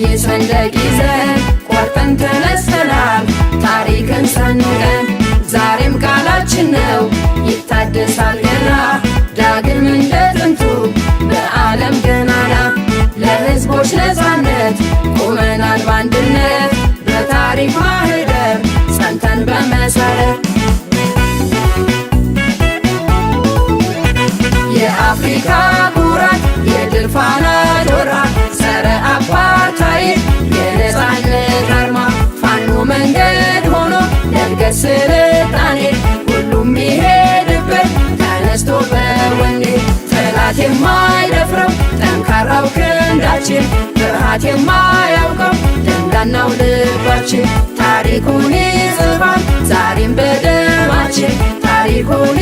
ቀይ ሰንደቅ ይዘን ቆርጠን ተነስተናል። ታሪክን ሰንቀን ዛሬም ቃላችን ነው ይታደሳል ገና ዳግም እንደ ጥንቱ በዓለም ገናና ለሕዝቦች ነፃነት ቆመናል በአንድነት በታሪክ ማህደር ጸንተን በመሰረት የአፍሪካ ስልጣኔ ሁሉም ይሄድበት ተነስቶ በወኔ ጠላት የማይደፍረው ጠንካራው ክንዳችን ፍርሃት የማያውቀው ደንዳናው ልባችን ታሪኩን ይጽፋል ዛሬም በደማችን ታሪኩን